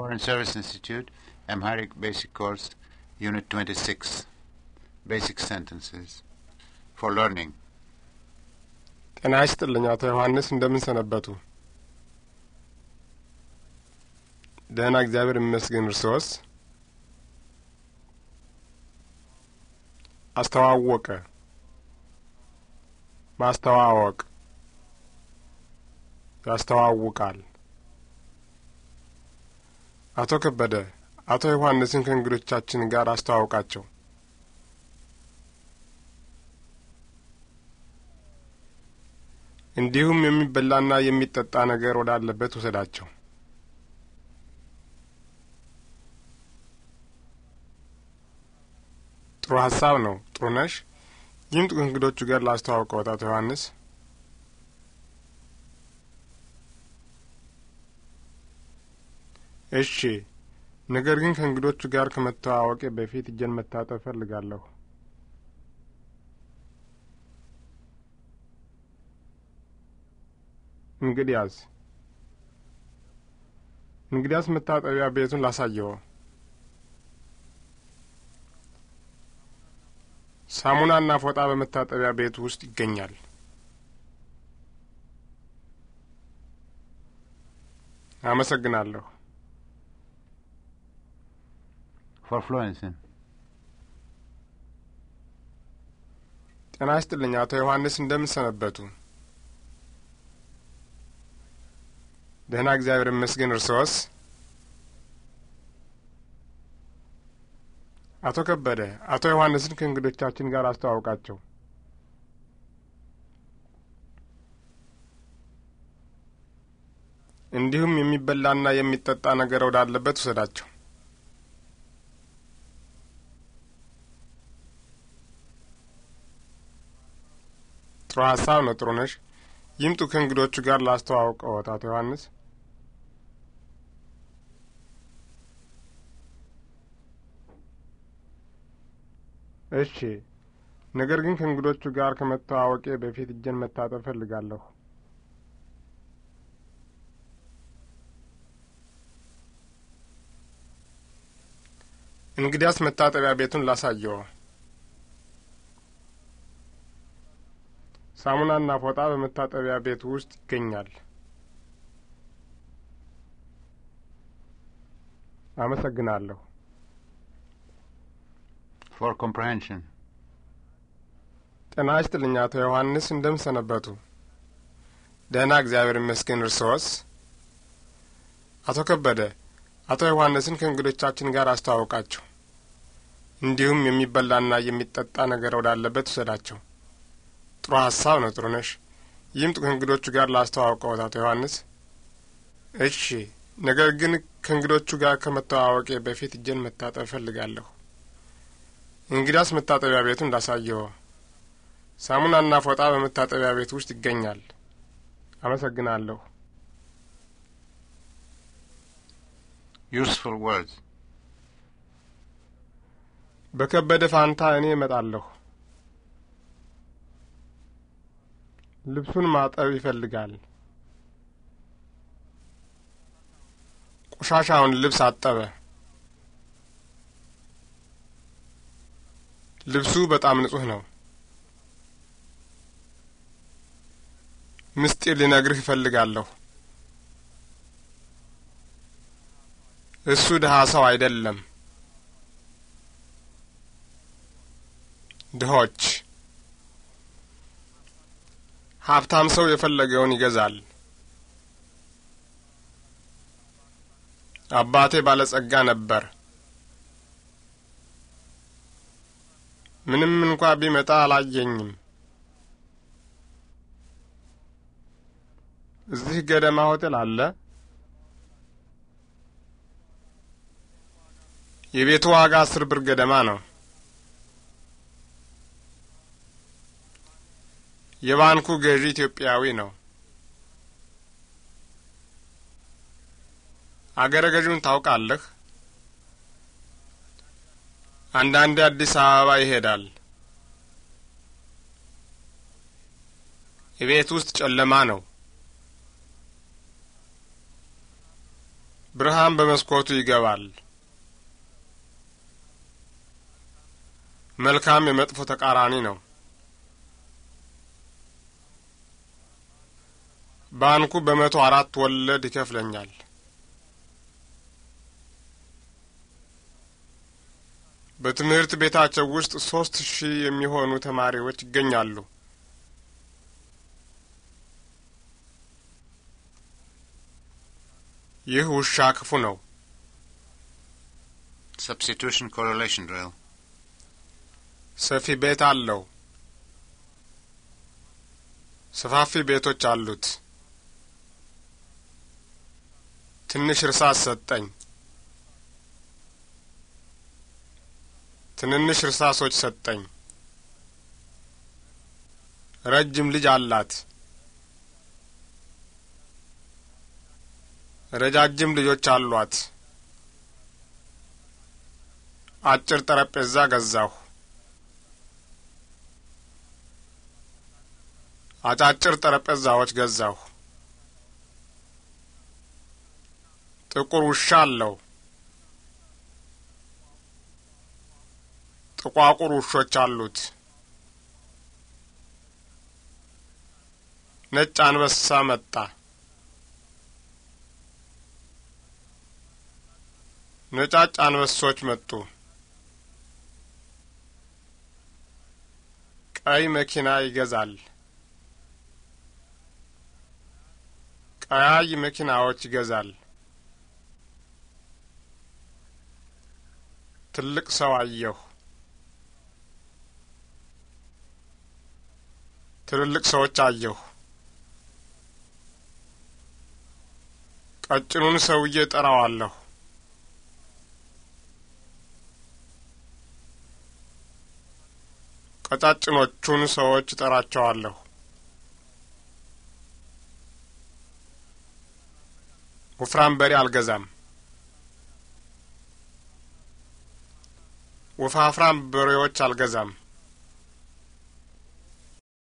Foreign Service Institute, Amharic Basic Course, Unit 26, Basic Sentences for Learning. ጤና ይስጥልኝ አቶ ዮሐንስ፣ እንደምን ሰነበቱ? ደህና፣ እግዚአብሔር ይመስገን። እርስዎስ? አስተዋወቀ፣ ማስተዋወቅ፣ ያስተዋውቃል አቶ ከበደ አቶ ዮሐንስን ከእንግዶቻችን ጋር አስተዋውቃቸው። እንዲሁም የሚበላና የሚጠጣ ነገር ወዳለበት ውሰዳቸው። ጥሩ ሀሳብ ነው። ጥሩ ነሽ። ይህም እንግዶቹ ጋር ላስተዋውቀዎት አቶ ዮሐንስ እሺ፣ ነገር ግን ከእንግዶቹ ጋር ከመተዋወቄ በፊት እጄን መታጠብ ፈልጋለሁ። እንግዲያስ እንግዲያስ መታጠቢያ ቤቱን ላሳየው። ሳሙናና ፎጣ በመታጠቢያ ቤቱ ውስጥ ይገኛል። አመሰግናለሁ። ፎርፍሎረንስን ጤና ይስጥልኝ አቶ ዮሐንስ፣ እንደምንሰነበቱ? ደህና፣ እግዚአብሔር ይመስገን። እርስዎስ? አቶ ከበደ፣ አቶ ዮሐንስን ከእንግዶቻችን ጋር አስተዋውቃቸው። እንዲሁም የሚበላና የሚጠጣ ነገር ወዳለበት ውሰዳቸው። ጥሩ ሀሳብ ነው። ጥሩ ነሽ። ይምጡ ከእንግዶቹ ጋር ላስተዋውቀው። ወጣት ዮሐንስ እሺ፣ ነገር ግን ከእንግዶቹ ጋር ከመተዋወቄ በፊት እጄን መታጠብ ፈልጋለሁ እንግዲያስ መታጠቢያ ቤቱን ላሳየው። ሳሙናና ፎጣ በመታጠቢያ ቤት ውስጥ ይገኛል። አመሰግናለሁ። ፎር ኮምፕሬንሽን ጤና ይስጥልኝ አቶ ዮሐንስ፣ እንደምሰነበቱ? ደህና እግዚአብሔር ይመስገን። እርስዎስ? አቶ ከበደ አቶ ዮሐንስን ከእንግዶቻችን ጋር አስተዋውቃቸው፣ እንዲሁም የሚበላና የሚጠጣ ነገር ወዳለበት ውሰዳቸው። ጥሩ ሀሳብ ነው ጥሩነሽ። ይምጡ ከእንግዶቹ ጋር ላስተዋውቀዎት አቶ ዮሐንስ። እሺ፣ ነገር ግን ከእንግዶቹ ጋር ከመተዋወቄ በፊት እጄን መታጠብ እፈልጋለሁ። እንግዳስ መታጠቢያ ቤቱን እንዳሳየው። ሳሙናና ፎጣ በመታጠቢያ ቤት ውስጥ ይገኛል። አመሰግናለሁ። ዩስፉል ወርድ በከበደ ፋንታ እኔ እመጣለሁ። ልብሱን ማጠብ ይፈልጋል። ቆሻሻውን ልብስ አጠበ። ልብሱ በጣም ንጹህ ነው። ምስጢር ልነግርህ እፈልጋለሁ። እሱ ድሃ ሰው አይደለም። ድሆች ሀብታም ሰው የፈለገውን ይገዛል። አባቴ ባለጸጋ ነበር። ምንም እንኳ ቢመጣ አላየኝም። እዚህ ገደማ ሆቴል አለ? የቤቱ ዋጋ አስር ብር ገደማ ነው። የባንኩ ገዢ ኢትዮጵያዊ ነው። አገረ ገዢውን ታውቃለህ? አንዳንዴ አዲስ አበባ ይሄዳል። የቤት ውስጥ ጨለማ ነው። ብርሃን በመስኮቱ ይገባል። መልካም የመጥፎ ተቃራኒ ነው። ባንኩ በመቶ አራት ወለድ ይከፍለኛል። በትምህርት ቤታቸው ውስጥ ሶስት ሺህ የሚሆኑ ተማሪዎች ይገኛሉ። ይህ ውሻ ክፉ ነው። ሰብስቲቱሽን ድሪል ሰፊ ቤት አለው። ሰፋፊ ቤቶች አሉት። ትንሽ እርሳስ ሰጠኝ። ትንንሽ እርሳሶች ሰጠኝ። ረጅም ልጅ አላት። ረጃጅም ልጆች አሏት። አጭር ጠረጴዛ ገዛሁ። አጫጭር ጠረጴዛዎች ገዛሁ። ጥቁር ውሻ አለው። ጥቋቁር ውሾች አሉት። ነጭ አንበሳ መጣ። ነጫጭ አንበሶች መጡ። ቀይ መኪና ይገዛል። ቀያይ መኪናዎች ይገዛል። ትልቅ ሰው አየሁ። ትልልቅ ሰዎች አየሁ። ቀጭኑን ሰውዬ ጠራዋለሁ። ቀጫጭኖቹን ሰዎች ጠራቸዋለሁ። ወፍራም በሬ አልገዛም። ወፋፍራም በሬዎች አልገዛም